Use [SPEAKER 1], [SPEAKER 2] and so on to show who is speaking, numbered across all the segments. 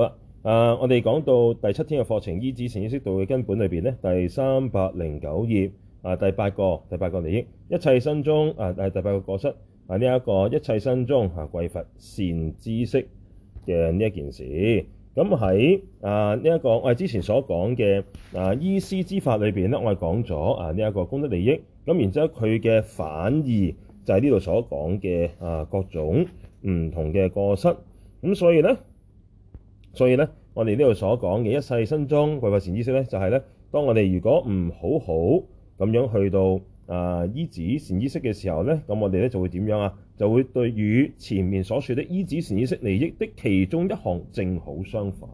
[SPEAKER 1] 好啦，啊，我哋講到第七天嘅課程，依止善知識道嘅根本裏邊咧，第三百零九頁啊，第八個第八個利益，一切生中啊，係第八個過失啊，呢、這、一個一切生中啊，匱乏善知識嘅呢一件事，咁喺啊呢一、這個我哋、啊、之前所講嘅啊依師之法裏邊咧，我哋講咗啊呢一、這個功德利益，咁然之後佢嘅反義就喺呢度所講嘅啊各種唔同嘅過失，咁所以咧。所以呢，我哋呢度所講嘅一世身中匱乏善知識呢，就係、是、呢。當我哋如果唔好好咁樣去到啊、呃、依止善知識嘅時候呢，咁我哋咧就會點樣啊？就會對與前面所説的依止善知識利益的其中一項正好相反，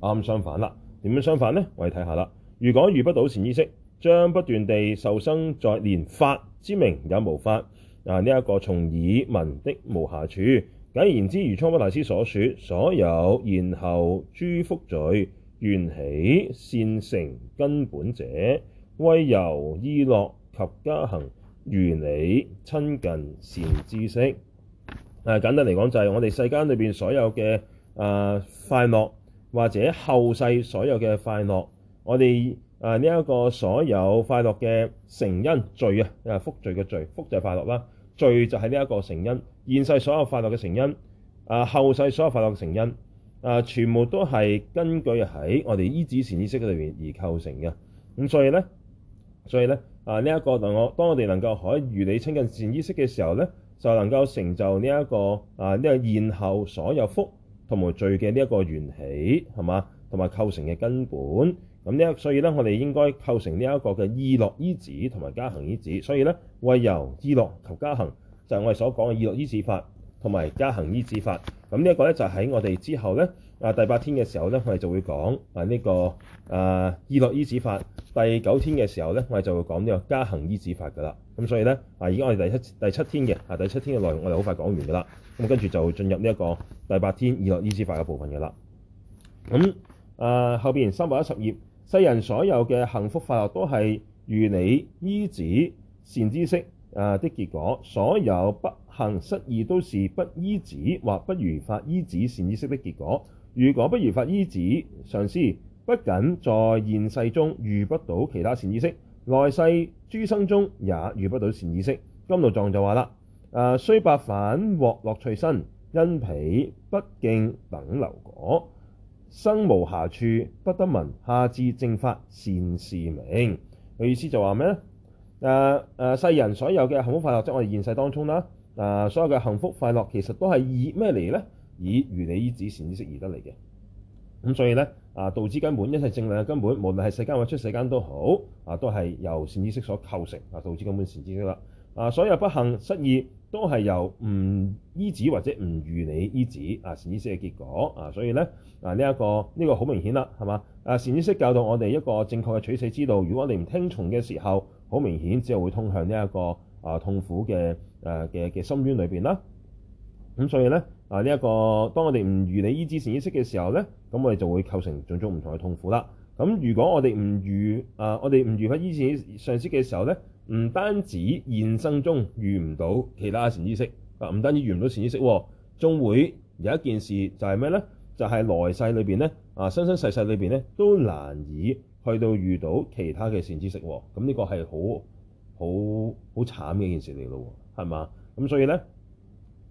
[SPEAKER 1] 啱、啊、相反啦。點樣相反呢？我哋睇下啦。如果遇不到善知識，將不斷地受生在連法之名也無法啊呢一、這個從耳聞的無暇處。簡言之，如宗喀巴大師所說，所有現後諸福聚，緣起善成根本者，謂由意樂及加行，如理親近善知識。誒、啊，簡單嚟講就係、是、我哋世間裏邊所有嘅誒、呃、快樂，或者後世所有嘅快樂，我哋誒呢一個所有快樂嘅成因聚啊，誒福聚嘅聚，福就係快樂啦，聚就係呢一個成因。現世所有快樂嘅成因，啊，後世所有快樂嘅成因，啊，全部都係根據喺我哋依止善知識嗰度邊而構成嘅。咁所以咧，所以咧，啊呢一、這個當我當我哋能夠可以如理親近善知識嘅時候咧，就能夠成就呢、這、一個啊呢、這個現後所有福同埋罪嘅呢一個緣起係嘛，同埋構成嘅根本。咁呢一所以咧，我哋應該構成呢一個嘅意樂依止同埋加行依止。所以咧，謂由意樂求加行。就係我哋所講嘅意樂依止法同埋加行依止法。咁呢一個咧就喺、是、我哋之後咧啊，第八天嘅時候咧，我哋就會講啊、這、呢個啊意樂依止法。第九天嘅時候咧，我哋就會講呢、這個加行依止法噶啦。咁所以咧啊，而家我哋第七第七天嘅啊第七天嘅內容，我哋好快講完噶啦。咁跟住就進入呢一個第八天意樂依止法嘅部分噶啦。咁啊、呃、後邊三百一十頁，世人所有嘅幸福快樂都係如理依止善知識。啊、呃、的結果，所有不幸失意都是不依止或不如法依止善知識的結果。如果不如法依止，上師不僅在現世中遇不到其他善知識，來世諸生中也遇不到善知識。甘露藏就話啦：誒、呃，雖百返，獲樂趣身，因彼不敬等流果，生無暇處，不得聞，下至正法、善士名。佢、呃、意思就話咩呢？誒誒、啊，世人所有嘅幸福快樂，即係我哋現世當中啦。誒、啊，所有嘅幸福快樂其實都係以咩嚟咧？以如理依止善知識而得嚟嘅。咁所以咧，啊道之根本，一切正理嘅根本，無論係世間或出世間都好，啊都係由善知識所構成啊。道之根本善知識啦，啊所有不幸失意，都係由唔依止或者唔如理依止啊善知識嘅結果啊。所以咧啊呢一個呢個好明顯啦，係嘛？啊，這個這個、啊善知識教導我哋一個正確嘅取捨之道。如果我哋唔聽從嘅時候，好明顯，只有會通向呢一個啊痛苦嘅誒嘅嘅深淵裏邊啦。咁所以咧啊，呢、這、一個當我哋唔如理依止善知識嘅時候咧，咁我哋就會構成種種唔同嘅痛苦啦。咁、啊、如果我哋唔如啊，我哋唔如法依止善知識嘅時候咧，唔單止現生中遇唔到其他善知識，啊唔單止遇唔到善知識、啊，仲會有一件事就係咩咧？就係、是、來世裏邊咧啊，生生世世裏邊咧都難以。去到遇到其他嘅善知識喎，咁呢個係好好好慘嘅一件事嚟咯，係嘛？咁所以呢，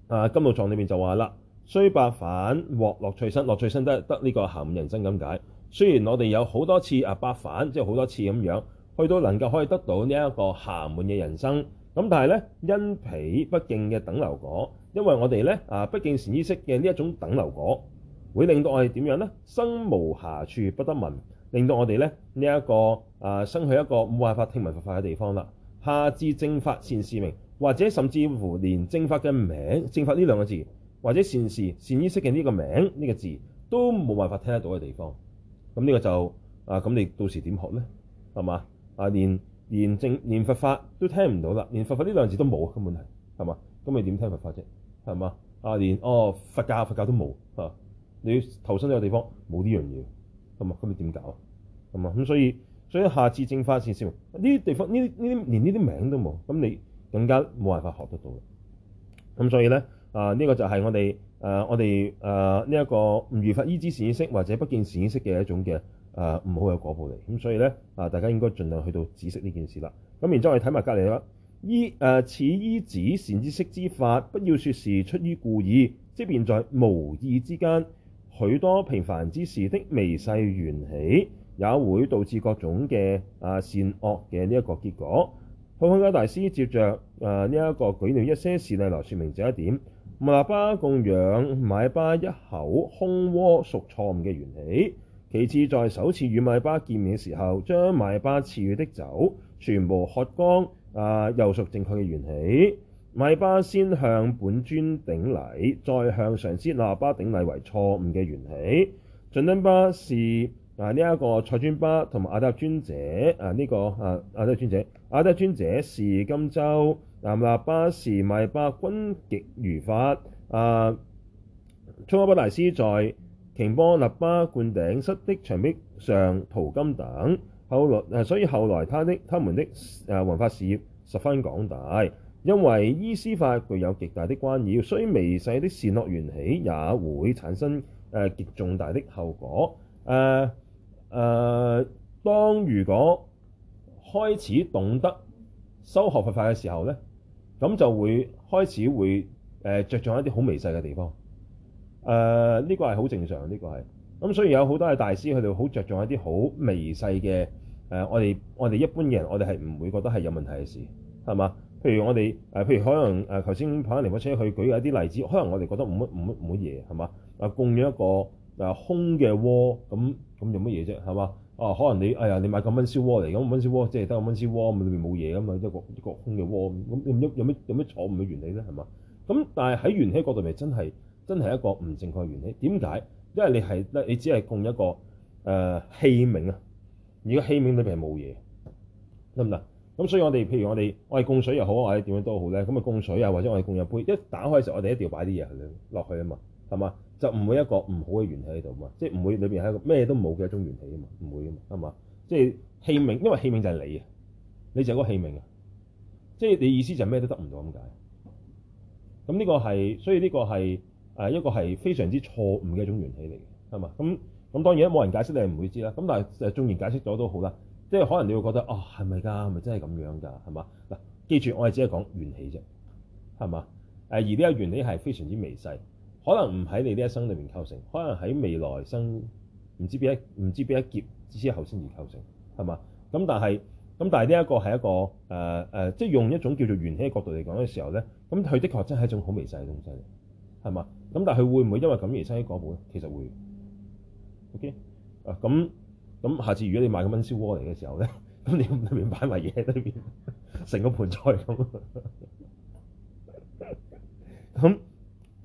[SPEAKER 1] 啊，《甘露藏》裏面就話啦，雖百返獲樂趣身，樂趣身得得呢個暇滿人生咁解。雖然我哋有好多次啊，百返即係好多次咁樣去到能夠可以得到呢一個暇滿嘅人生，咁但係呢，因彼不敬嘅等流果，因為我哋呢，啊不敬善知識嘅呢一種等流果，會令到我哋點樣呢？生無暇處不得聞。令到我哋咧呢、這個呃、一個啊生喺一個冇辦法聽聞佛法嘅地方啦。下至正法善士名，或者甚至乎連正法嘅名、正法呢兩個字，或者善士善知識嘅呢個名呢、這個字都冇辦法聽得到嘅地方。咁、這、呢個就啊咁你到時點學咧？係嘛啊連連正連佛法都聽唔到啦，連佛法呢兩個字都冇根本係係嘛？咁你點聽佛法啫？係嘛啊連哦佛教佛教都冇啊！你投身呢個地方冇呢樣嘢。咁啊咁你點搞啊？咁啊咁所以所以下次正法先先，呢啲地方呢啲呢啲連呢啲名都冇，咁你更加冇辦法學得到啦。咁、嗯、所以咧啊，呢、呃這個就係我哋誒、呃、我哋誒呢一個唔如法依止善知識或者不見善知識嘅一種嘅誒唔好嘅果報嚟。咁、嗯、所以咧啊、呃，大家應該儘量去到知悉呢件事啦。咁然之後我哋睇埋隔離啦，依誒似、呃、依止善知識之法，不要說是出於故意，即便在無意之間。許多平凡之事的微細緣起，也會導致各種嘅啊善惡嘅呢一個結果。帕繃喀大師接着啊呢一個舉了一些事例來說明這一點。密勒日巴供養瑪爾巴一口空鍋，屬錯誤嘅緣起。其次，在首次與瑪爾巴見面嘅時候，將瑪爾巴賜予的酒全部喝光，啊又屬正確嘅緣起。米巴先向本尊頂禮，再向上師那若巴頂禮，為錯誤嘅緣起。仲敦巴是啊呢一個賽尊巴同埋阿底峽尊者啊，呢個啊阿底峽尊者阿、這個啊、德尊者是、啊、金洲南喇巴，是米巴均極如法啊。宗喀巴大師在瓊波勒巴灌頂室的牆壁上塗金等，後來所以後來他的他們的啊宏法事業十分廣大。因為依師法具有極大的關要，所以微細的善惡緣起也會產生誒極重大的後果。誒誒，當如果開始懂得修學佛法嘅時候咧，咁就會開始會誒著重一啲好微細嘅地方。誒呢個係好正常，呢個係咁。所以有好多嘅大師佢哋好着重一啲好微細嘅誒，我哋我哋一般嘅人，我哋係唔會覺得係有問題嘅事，係嘛？譬如我哋誒，譬如可能誒，頭先跑緊靈火車，去舉一啲例子，可能我哋覺得冇乜冇乜冇乜嘢，係嘛？啊，供咗一個啊空嘅鍋，咁咁有乜嘢啫，係嘛？啊，可能你哎呀，你買個燜燒鍋嚟咁，燜燒鍋即係得個燜燒鍋，裏邊冇嘢㗎嘛，一個一個空嘅鍋，咁有乜有乜有乜錯誤嘅緣起咧，係嘛？咁但係喺緣起角度咪真係真係一個唔正確嘅緣起。點解？因為你係你只係供一個誒、呃、器皿啊，而家器皿裏邊係冇嘢，得唔得？咁、嗯、所以我哋，譬如我哋，我哋供水又好，或者點樣都好咧，咁啊供水啊，或者我哋供入杯，一打開嘅時候，我哋一定要擺啲嘢落去啊嘛，係嘛？就唔會一個唔好嘅緣起喺度嘛，即係唔會裏邊係一個咩都冇嘅一種緣起啊嘛，唔會啊嘛，係嘛？即係器皿，因為器皿就係你啊，你就係個器皿啊，即係你意思就係咩都得唔到咁解？咁呢個係，所以呢個係誒一個係非常之錯誤嘅一種緣起嚟嘅，係嘛？咁咁當然冇人解釋你係唔會知啦，咁但係誒縱然解釋咗都好啦。即係可能你會覺得哦，係咪㗎？係咪真係咁樣㗎？係嘛？嗱，記住我哋只係講緣起啫，係嘛？誒而呢個原理係非常之微細，可能唔喺你呢一生裏面構成，可能喺未來生唔知邊一唔知邊一劫之後先至構成，係嘛？咁但係咁但係呢一個係一個誒誒，即係用一種叫做緣起嘅角度嚟講嘅時候咧，咁佢的確真係一種好微細嘅東西，嚟，係嘛？咁但係佢會唔會因為咁而產生果報咧？其實會，OK 啊咁。咁下次如果你買個燜燒鍋嚟嘅時候咧，咁 你裏面擺埋嘢，裏面成個盤菜咁。咁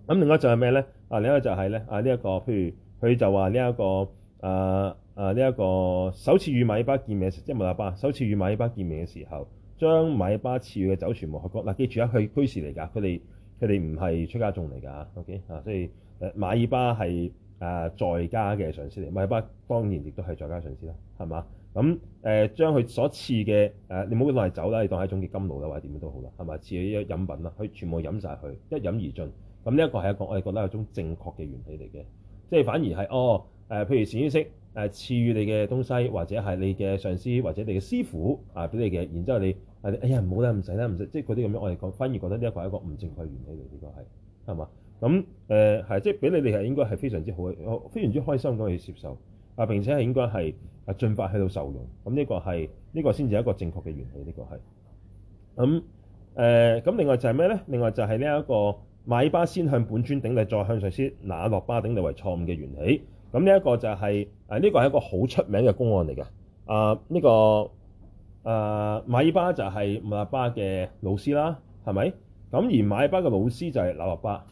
[SPEAKER 1] 咁另外就係咩咧？啊，另一、這個就係咧、這個，啊呢一個譬如佢就話呢一個啊啊呢一個首次與瑪爾巴見面，即係密勒日巴首次與瑪爾巴見面嘅時候，將瑪爾巴賜予嘅酒全部喝光。嗱、啊，記住啊，佢居士嚟㗎，佢哋佢哋唔係出家眾嚟㗎。o k 嚇，所以誒瑪爾巴係。誒、啊、在家嘅上司嚟，咪不過當然亦都係在家上司啦，係嘛？咁誒、呃、將佢所賜嘅誒，你唔好攞嚟酒啦，你當係一種甘露啦，或者點樣都好啦，係咪？賜嘅一飲品啦，佢全部飲晒，佢，一飲而盡。咁呢一個係一個我哋覺得係一種正確嘅原理嚟嘅，即係反而係哦誒、呃，譬如善知識誒賜予你嘅東西，或者係你嘅上司或者你嘅師傅啊俾你嘅，然之後你哎呀唔好啦唔使啦唔使，即係嗰啲咁樣，我哋覺反而覺得呢一個係一個唔正確嘅原理嚟，呢個係係嘛？咁誒係，即係俾你哋係應該係非常之好，嘅，非常之開心咁去接受啊。並且係應該係啊進發喺度受用。咁呢個係呢、這個先至一個正確嘅緣起。呢、這個係咁誒。咁、啊呃、另外就係咩咧？另外就係呢一個瑪爾巴先向本尊頂禮，再向上師那若巴頂禮為錯誤嘅緣起。咁呢、就是啊這個、一個就係啊呢個係一個好出名嘅公案嚟嘅啊。呢、這個啊瑪爾巴就係木那巴嘅老師啦，係咪？咁而瑪爾巴嘅老師就係那若巴。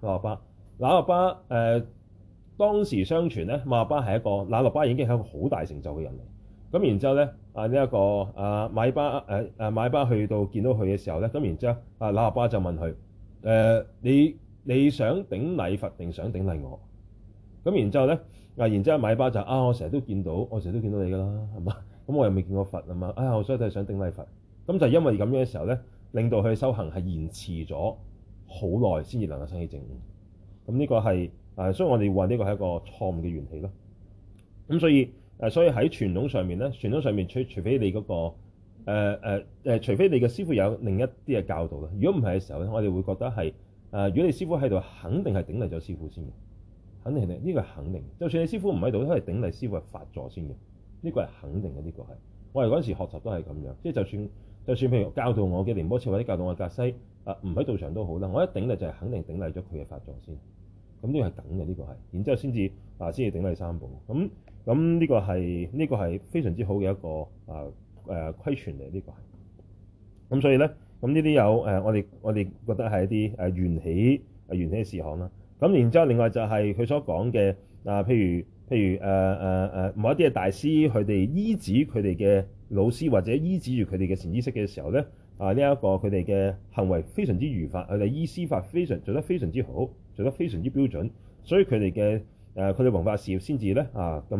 [SPEAKER 1] 那若巴，那若巴誒、呃、當時相傳咧，那若巴係一個那若巴已經係一個好大成就嘅人嚟。咁然之後咧，啊呢一、這個啊瑪爾巴誒誒瑪爾巴去到見到佢嘅時候咧，咁然之後啊那若巴就問佢誒、呃、你你想頂禮佛定想頂禮我？咁然之後咧啊，然之後瑪爾巴就啊我成日都見到我成日都見到你㗎啦，係嘛？咁、嗯、我又未見過佛啊嘛，哎呀，我所以都係想頂禮佛。咁就因為咁樣嘅時候咧，令到佢修行係延遲咗。好耐先至能夠生起證，咁呢個係誒、啊，所以我哋話呢個係一個錯誤嘅緣起咯。咁所以誒，所以喺、啊、傳統上面咧，傳統上面除除非你嗰、那個誒誒、啊啊、除非你嘅師傅有另一啲嘅教導咯。如果唔係嘅時候咧，我哋會覺得係誒、啊，如果你師傅喺度，肯定係頂禮咗師傅先嘅，肯定係呢個係肯定。就算你師傅唔喺度，都係頂禮師傅法座先嘅，呢個係肯定嘅，呢、這個係。我哋嗰陣時學習都係咁樣，即、就、係、是、就算就算譬如教導我嘅仁波切或者教導我嘅格西，啊唔喺道場都好啦，我一頂禮就係肯定頂禮咗佢嘅法座先，咁呢個係等嘅，呢個係，然之後先至啊先至頂禮三寶，咁咁呢個係呢個係非常之好嘅一個啊誒、啊啊、規範嚟，呢個係。咁所以咧，咁呢啲有誒、啊，我哋我哋覺得係一啲誒緣起啊緣起嘅事項啦。咁、啊、然之後另外就係佢所講嘅啊，譬如。譬如誒誒誒某一啲嘅大師，佢哋依止佢哋嘅老師或者依止住佢哋嘅善知識嘅時候咧，啊呢一個佢哋嘅行為非常之如法，佢哋依師法非常做得非常之好，做得非常之標準，所以佢哋嘅誒佢哋宏法事業先至咧啊咁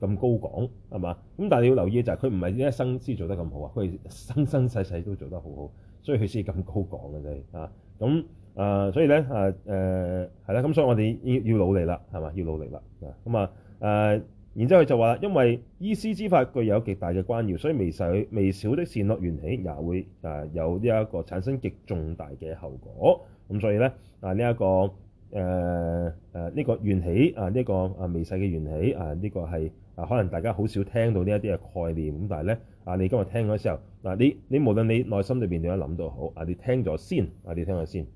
[SPEAKER 1] 咁高廣係嘛？咁但係你要留意就係佢唔係呢一生先做得咁好啊，佢係生生世世都做得好好，所以佢先至咁高廣嘅啫啊咁誒，所以咧誒誒係啦，咁、呃呃、所以我哋要要努力啦，係嘛？要努力啦啊咁啊！誒，然之後就話因為依師之法具有極大嘅關要，所以微細、這個呃這個這個、微小的善惡緣起，也會誒有呢一個產生極重大嘅後果。咁所以咧，啊呢一個誒誒呢個緣起啊呢個啊微細嘅緣起啊呢個係啊可能大家好少聽到呢一啲嘅概念。咁但係咧，啊你今日聽咗之後，嗱你你無論你內心裏邊點樣諗都好，啊你聽咗先，啊你聽咗先。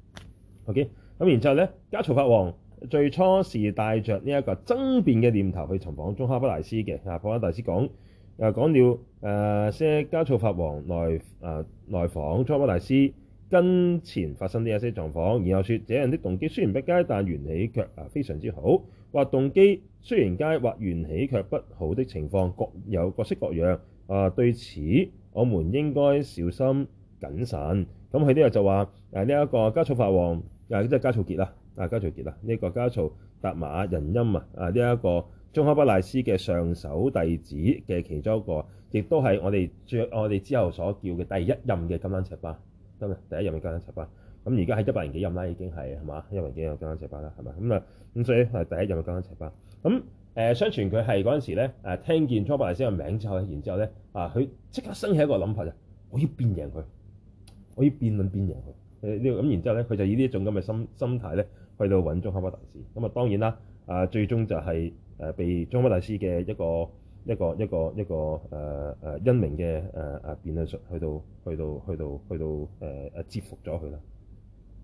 [SPEAKER 1] OK，咁然之後咧，嘉曹法王。最初是帶着呢一個諍辯嘅念頭去尋訪宗喀巴大師嘅，啊，帕繃喀大師講又、啊、講了誒些嘉曹法王來啊來訪宗喀巴大師跟前發生啲一些狀況，然後說這樣的動機雖然不佳，但緣起卻啊非常之好。或動機雖然佳，或緣起卻不好的情況各有各式各樣啊。對此我們應該小心謹慎。咁佢呢又就話誒呢一個嘉曹法王啊，即係嘉曹傑啦。啊，嘉曹傑啦，呢個嘉曹達瑪仁欽啊，anza, 啊呢一、啊啊這個宗喀巴賴斯嘅上首弟子嘅其中一個，亦都係我哋著我哋之後所叫嘅第一任嘅甘丹赤巴，得未？第一任嘅甘丹赤巴，咁而家係一百零幾任啦，Miller, 啊、已經係係嘛？一百零幾任甘丹赤巴啦，係咪？咁啊，咁所以係第一任嘅甘丹赤巴，咁誒相傳佢係嗰陣時咧，誒聽見宗喀巴賴斯嘅名之後，然之後咧啊，佢即刻生起一個諗法就，我要辯贏佢，我要辯論辯贏佢，呢咁然之後咧，佢就以呢一種咁嘅心心態咧。去到揾宗喀巴大師，咁啊當然啦，啊最終就係、是、誒、呃、被宗喀巴大師嘅一個一個一個一個誒誒英明嘅誒誒辯論術啊，去到去到去到去到誒誒折服咗佢啦，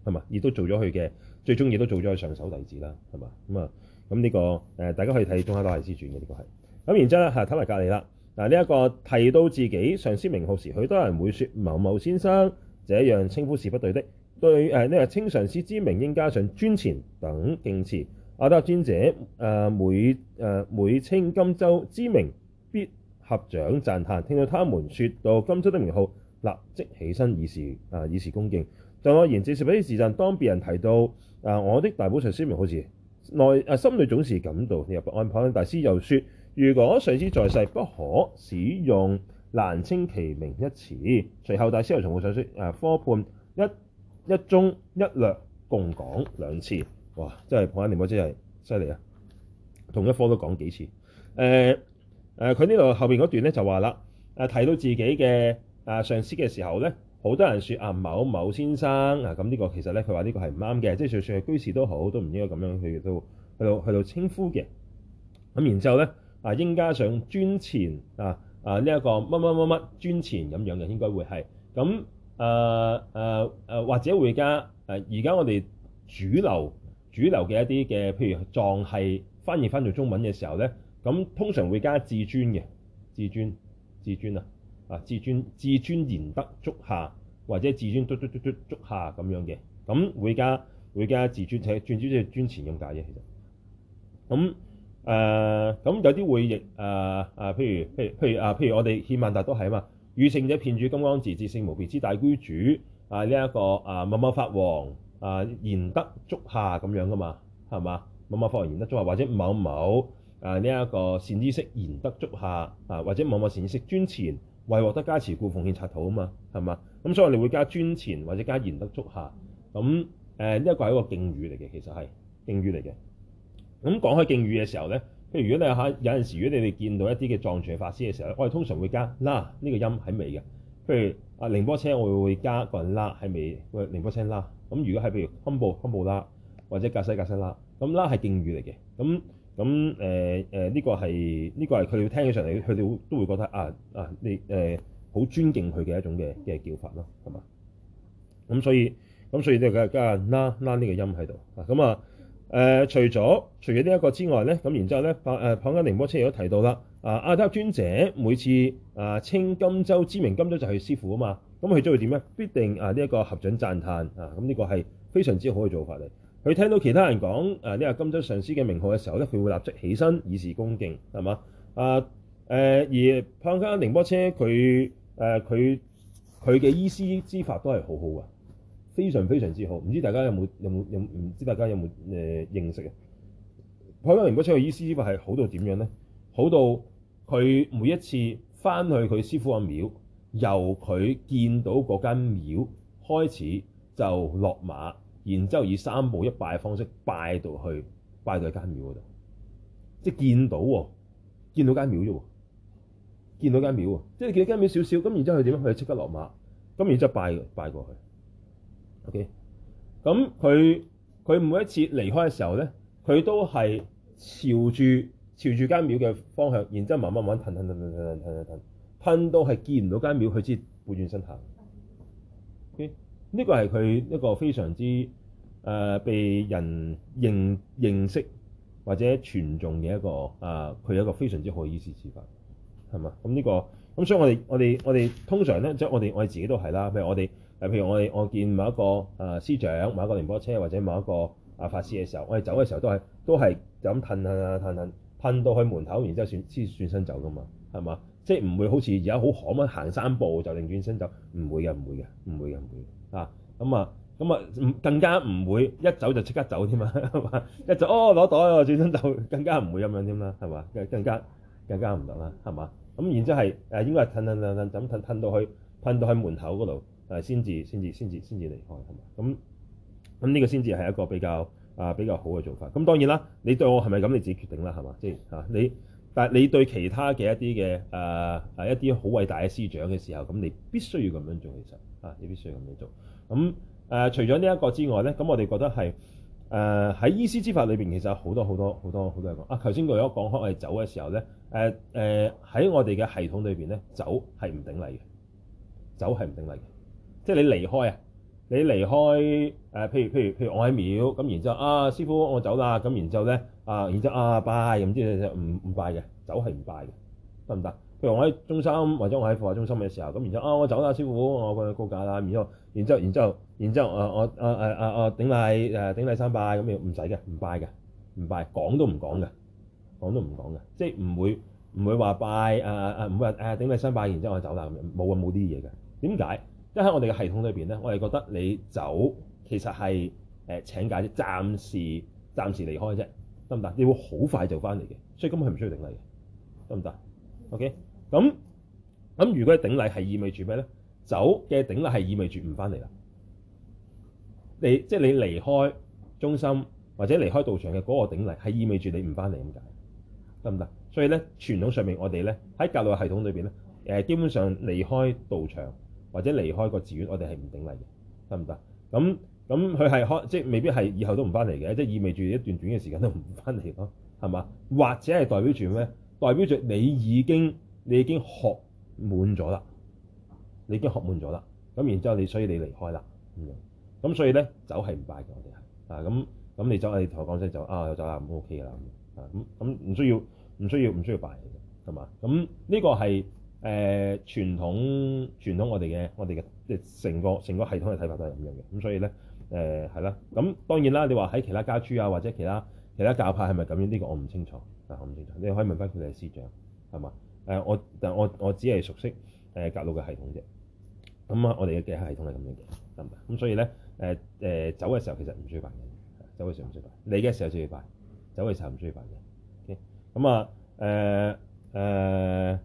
[SPEAKER 1] 係嘛？亦都做咗佢嘅最終亦都做咗佢上首弟子啦，係嘛？咁啊咁呢個誒、呃、大家可以睇《宗喀巴大師傳》嘅、這個、呢、啊看看啊這個係，咁然之後咧係睇埋隔籬啦。嗱呢一個提到自己上師名號時，好多人會説某某先生，這樣稱呼是不對的。對，誒，呢個稱上師之名，應加上尊前等敬詞。阿底峽尊者誒、每、誒、每稱金洲之名，必合掌讚歎。聽到他們説到金洲的名號，立即起身以示啊，以示恭敬。就我言至時不之陣，當別人提到誒，我的大寶上師名，好似內誒，心裏總是感到。你又不安。帕大師又説：如果上師在世，不可使用難稱其名一詞。隨後大師又從上説誒，科判一。一中一略共講兩次，哇！真係帕繃喀大師係犀利啊，同一科都講幾次。誒、呃、誒，佢、呃、呢度後邊嗰段咧就話啦，誒、啊、提到自己嘅誒、啊、上師嘅時候咧，好多人説啊某某先生啊，咁、嗯、呢個其實咧佢話呢個係唔啱嘅，即係就算係居士都好，都唔應該咁樣去到去到去到稱呼嘅。咁、嗯、然之後咧，啊應加上尊前啊啊呢一、這個乜乜乜乜尊前咁樣嘅應該會係咁。嗯嗯嗯嗯嗯嗯誒誒誒，或者會加誒，呃、而家我哋主流主流嘅一啲嘅，譬如藏系翻譯翻做中文嘅時候咧，咁通常會加至尊嘅，至尊至尊啊，啊至尊至尊賢德足下，或者至尊嘟嘟嘟嘟足下咁樣嘅，咁會加會加至尊，即係轉專即係尊前咁解嘅，其實，咁誒咁有啲會亦誒誒，譬如譬如譬如誒譬，譬如我哋獻曼達都係啊嘛。與勝者騙主金剛自至性無別之大居主啊！呢、這、一個啊，某某法王啊，賢德足下咁樣噶嘛，係嘛？某某法王賢德足下，或者某某啊呢一、這個善知識賢德足下啊，或者某某善知識尊前，為獲得加持故奉獻插土啊嘛，係嘛？咁所以我哋會加尊前，或者加賢德足下咁誒，呢一、呃這個係一個敬語嚟嘅，其實係敬語嚟嘅。咁講開敬語嘅時候咧。譬如如果你嚇有陣時，如果你哋見到一啲嘅藏傳法師嘅時候，我哋通常會加拉呢、這個音喺尾嘅。譬如啊，仁波切我會會加個拉喺尾，個仁波切拉。咁如果係譬如堪布堪布拉，或者格西格西拉，咁拉係敬語嚟嘅。咁咁誒誒，呢、呃呃這個係呢、這個係佢哋聽起上嚟，佢哋都會覺得啊啊，你誒好、呃、尊敬佢嘅一種嘅嘅叫法咯，係嘛？咁所以咁所以都要加加拉拉呢個音喺度啊，咁啊～誒、呃、除咗除咗呢一個之外咧，咁然之後咧，發誒帕繃喀寧波車亦都提到啦。啊，阿德尊者每次啊稱金洲之名，金洲就係師父啊嘛。咁佢將會點咧？必定啊呢一、這個合掌讚歎啊。咁呢、啊這個係非常之好嘅做法嚟。佢聽到其他人講誒呢個金洲上師嘅名號嘅時候咧，佢會立即起身以示恭敬，係嘛？啊誒、呃，而帕繃喀寧波車佢誒佢佢嘅依師之法都係好好噶。非常非常之好，唔知大家有冇有冇有唔知大家有冇誒、呃、認識嘅？許家明嗰出嘅意思係好到點樣咧？好到佢每一次翻去佢師傅個廟，由佢見到嗰間廟開始就落馬，然之後以三步一拜嘅方式拜到去拜到間廟嗰度，即係見到見到間廟啫，見到間廟啊！即係見到間廟，見到間廟少少咁，然之後佢點樣？佢就即刻落馬，咁然之後拜拜過去。O K，咁佢佢每一次離開嘅時候咧，佢都係朝住朝住間廟嘅方向，然之後慢慢慢褪褪褪褪褪褪褪褪，褪到係見唔到間廟動動，佢先背轉身行。O K，呢個係佢一個非常之誒、呃、被人認認識或者傳頌嘅一個啊，佢、呃、一個非常之好嘅意思指法，係嘛？咁、嗯、呢、嗯這個咁、嗯、所以我，我哋我哋我哋通常咧，即係我哋我哋自己都係啦，譬如我哋。譬如我哋我見某一個啊司長、某一個仁波切或者某一個啊法師嘅時候，我哋走嘅時候都係都係咁褪褪褪褪褪褪到去門口，然之後轉先轉身走噶嘛，係嘛？即係唔會好似而家好可咁行三步就擰轉身走，唔會嘅，唔會嘅，唔會嘅，唔會啊咁啊咁啊，更加唔會一走就即刻走添嘛，係嘛？一走哦攞袋啊轉身走，更加唔會咁樣添啦，係嘛？更加更加唔得啦，係嘛？咁然之後係誒應該係褪褪褪褪咁褪褪到去褪到去門口嗰度。誒先至先至先至先至離開，係嘛？咁咁呢個先至係一個比較啊、呃、比較好嘅做法。咁當然啦，你對我係咪咁，你自己決定啦，係嘛？即係嚇、啊、你，但係你對其他嘅一啲嘅誒誒一啲好偉大嘅師長嘅時候，咁你必須要咁樣做。其實啊，你必須要咁樣做。咁、啊、誒、呃，除咗呢一個之外咧，咁我哋覺得係誒喺依師之法裏邊，其實有好多好多好多好多個啊。頭先我講開我哋走嘅時候咧，誒誒喺我哋嘅系統裏邊咧，走係唔頂禮嘅，走係唔頂禮嘅。即係你離開啊！你離開誒、啊，譬如譬如譬如，譬如我喺廟咁，然之後啊，師傅我走啦，咁然之後咧啊，然之後啊拜，唔知唔唔拜嘅走係唔拜嘅，得唔得？譬如我喺中心或者我喺佛學中心嘅時候，咁然之後啊，我走啦，師傅我過去告假啦，no、floods, 然之後，然之後，然之後，然之後，然後，然後啊，我啊誒啊我頂禮誒頂禮三拜咁，唔使嘅，唔拜嘅，唔拜講都唔講嘅，講都唔講嘅，即係唔會唔會話拜誒誒誒唔會話誒頂禮三拜，然之後我走啦，冇啊冇啲嘢嘅，點解？ét 喺我哋嘅系統裏邊咧，我哋覺得你走其實係誒請假啫，暫時暫時離開啫，得唔得？你會好快就翻嚟嘅，所以根本係唔需要頂禮嘅，得唔得？OK，咁咁如果你頂禮係意味住咩咧？走嘅頂禮係意味住唔翻嚟啦。你即係、就是、你離開中心或者離開道場嘅嗰個頂禮，係意味住你唔翻嚟咁解，得唔得？所以咧，傳統上面我哋咧喺教育系統裏邊咧，誒，基本上離開道場。或者離開個寺院，我哋係唔頂例頂禮嘅，得唔得？咁咁佢係開，即係未必係以後都唔翻嚟嘅，即係意味住一段短嘅時間都唔翻嚟咯，係嘛？或者係代表住咩？代表住你已經你已經學滿咗啦，你已經學滿咗啦，咁然之後你所以你離開啦咁樣，咁所以咧，走係唔拜嘅我哋啊，啊咁咁你走你同我講聲走啊，走啦咁 OK 啦，咁咁唔需要唔需要唔需要拜嘅，係嘛？咁呢個係。誒傳統傳統，傳統我哋嘅我哋嘅即係成個成個系統嘅睇法都係咁樣嘅，咁所以咧誒係啦。咁、呃嗯、當然啦，你話喺其他家書啊，或者其他其他教派係咪咁樣？呢、呢個我唔清楚啊，我唔清楚。你可以問翻佢哋師長係嘛誒？我但我我只係熟悉誒格、呃、魯嘅系統啫。咁、嗯、啊，我哋嘅格魯系統係咁樣嘅得咁所以咧誒誒走嘅時候，其實唔需要拜嘅，走嘅時候唔需要拜。嚟嘅時候就要拜，走嘅時候唔需要拜嘅。OK，咁啊誒誒。呃呃呃呃呃呃呃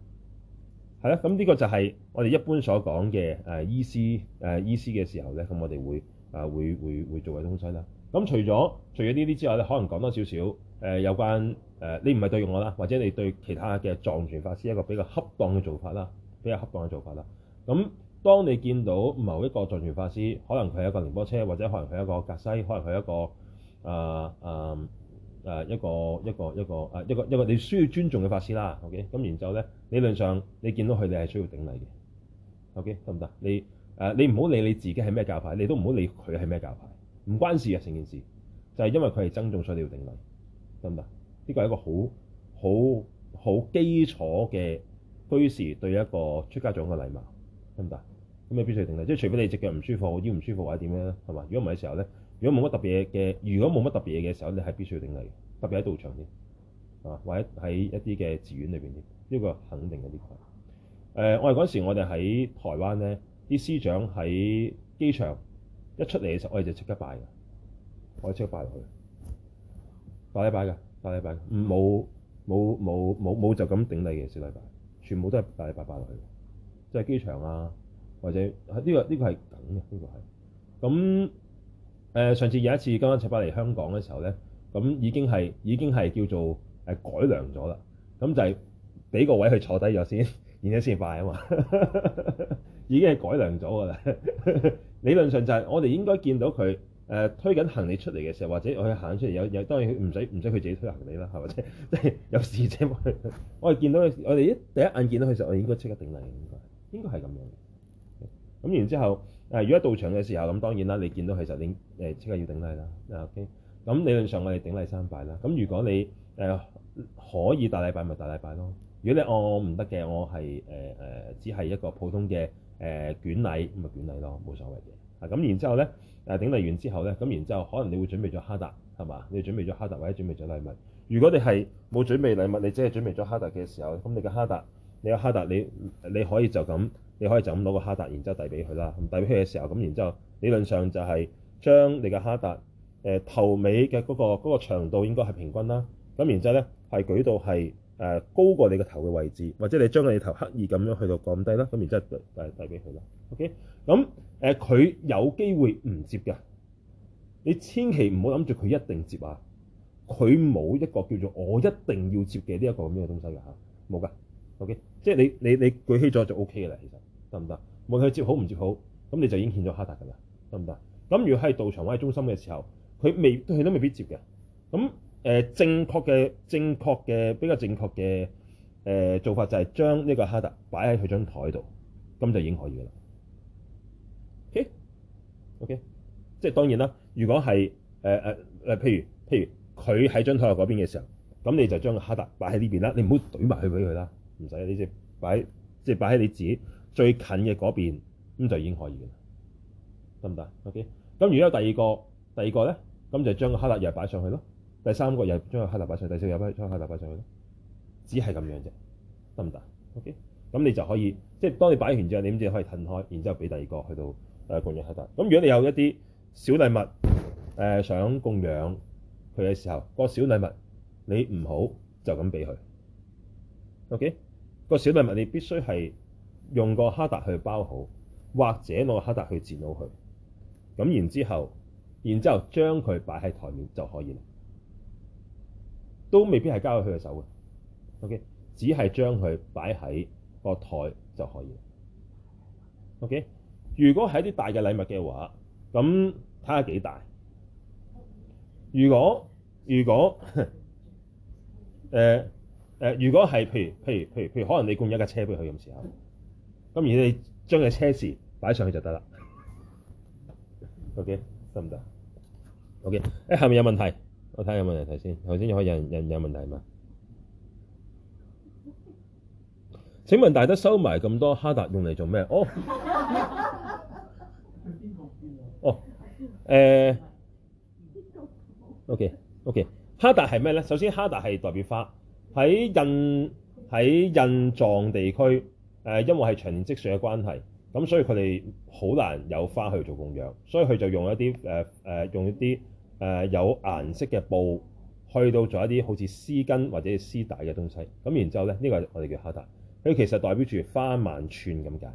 [SPEAKER 1] 係咯，咁呢、嗯、這個就係我哋一般所講嘅誒依師誒、呃、依師嘅時候咧，咁、嗯、我哋會啊、呃、會會會做嘅東西啦。咁、嗯、除咗除咗呢啲之外咧，可能講多少少誒有關誒、呃，你唔係對我啦，或者你對其他嘅藏傳法師一個比較恰當嘅做法啦，比較恰當嘅做法啦。咁、嗯、當你見到某一個藏傳法師，可能佢係一個仁波切，或者可能佢係一個格西，可能佢係一個啊啊。呃呃誒、呃、一個一個一個誒一個一個你需要尊重嘅法師啦，OK，咁然之後咧，理論上你見到佢哋係需要頂禮嘅，OK 得唔得？你誒、呃、你唔好理你自己係咩教派，你都唔好理佢係咩教派，唔關事呀，成件事，就係、是、因為佢係增重，所以你要頂禮，得唔得？呢個係一個好好好基礎嘅居士對一個出家長嘅禮貌，得唔得？咁你必須要頂禮，即係除非你隻腳唔舒服，腰唔舒服或者點樣啦，係嘛？如果唔係嘅時候咧。如果冇乜特別嘢嘅，如果冇乜特別嘢嘅時候，你係必須要頂禮，特別喺道場添啊，或者喺一啲嘅寺院裏邊添，呢、呢個肯定嘅呢個。誒、啊，我哋嗰時我哋喺台灣咧，啲司長喺機場一出嚟嘅時候，我哋就即刻拜嘅，我哋即刻拜落去，大禮拜嘅，大禮拜，冇冇冇冇冇就咁頂禮嘅，小禮拜，全部都係大禮拜拜落去，即、就、係、是、機場啊，或者呢、啊呢個呢、呢個係梗嘅，呢、呢個係咁。呢個誒、呃、上次有一次，剛剛出翻嚟香港嘅時候咧，咁已經係已經係叫做誒改良咗啦。咁就係俾個位去坐低咗先，然後先快啊嘛。已經係改良咗㗎啦。嗯就是、 理論上就係我哋應該見到佢誒、呃、推緊行李出嚟嘅時候，或者我去行出嚟有有，當然唔使唔使佢自己推行李啦，係咪即係有侍者而 我哋見到佢我哋一第一眼見到佢時候，我應該即刻頂禮，應該應該係咁樣。咁、嗯、然之後。誒如果到場嘅時候，咁當然啦，你見到係就拎誒即刻要頂禮啦、啊，OK，咁理論上我哋頂禮三拜啦。咁如果你誒、呃、可以大禮拜，咪大禮拜咯。如果你我唔得嘅，我係誒誒只係一個普通嘅誒、呃、卷禮，咁咪卷禮咯，冇所謂嘅。啊咁，然之後咧誒頂禮完之後咧，咁然之後可能你會準備咗哈達係嘛？你準備咗哈達或者準備咗禮物。如果你係冇準備禮物，你只係準備咗哈達嘅時候，咁你嘅哈達，你嘅哈達你，你你可以就咁。你可以就咁攞個哈達然，然之後遞俾佢啦。遞俾佢嘅時候，咁然之後，後理論上就係將你嘅哈達誒、呃、頭尾嘅嗰、嗰個嗰、嗰個、長度應該係平均啦。咁然之後咧係舉到係誒、呃、高過你個頭嘅位置，或者你將你嘅頭刻意咁樣去到降低啦。咁然之後遞遞俾佢啦。OK，咁誒佢有機會唔接㗎，你千祈唔好諗住佢一定接啊。佢冇一個叫做我一定要接嘅呢一個咩東西㗎嚇，冇、啊、㗎。OK，即係你你你舉起咗就 OK 㗎啦，其實。得唔得？問佢接好唔接好，咁你就已經獻咗哈達噶啦，得唔得？咁如果係道場或者中心嘅時候，佢未佢都未必接嘅。咁誒正確嘅、正確嘅比較正確嘅誒、呃、做法就係將呢個哈達擺喺佢張台度，咁就已經可以噶啦。OK，OK，okay? okay? 即係當然啦。如果係誒誒誒，譬如譬如佢喺張台嗰邊嘅時候，咁你就將個哈達擺喺呢邊啦。你唔好懟埋佢俾佢啦，唔、就、使、是、你即係擺即係擺喺你自己。最近嘅嗰邊咁就已經可以嘅啦，得唔得？OK。咁如果有第二個，第二個咧，咁就將個黑達又擺上去咯。第三個又將個黑達擺上去，第四個又將個黑達擺上去咯。只係咁樣啫，得唔得？OK。咁你就可以即係當你擺完之後，你咁就可以褪開，然之後俾第二個去到誒供養黑達。咁如果你有一啲小禮物誒、呃、想供養佢嘅時候，個小禮物你唔好就咁俾佢 OK。個小禮物你必須係。用個哈達去包好，或者攞個哈達去剪好佢，咁然之後，然之後將佢擺喺台面就可以啦。都未必係交咗佢嘅手嘅，OK，只係將佢擺喺個台就可以。OK，如果係啲大嘅禮物嘅話，咁睇下幾大。如果如果誒誒，如果係譬、 呃呃、如譬如譬如譬如，可能你送一架車俾佢咁時候。咁而你將個車匙擺上去就得啦，OK。OK，得唔得？OK，誒係咪有問題？我睇下有冇問題先。頭先有冇人有人有問題嘛？請問大家收埋咁多哈達用嚟做咩？哦、oh, oh, 呃。哦，誒。OK，OK。哈達係咩咧？首先，哈達係代表花喺印喺印藏地區。誒，因為係長年積雪嘅關係，咁所以佢哋好難有花去做供養，所以佢就用一啲誒誒，用一啲誒、呃、有顏色嘅布，去到做一啲好似絲巾或者絲帶嘅東西。咁然後之後咧，呢、這個我哋叫哈達，佢其實代表住花萬串咁解，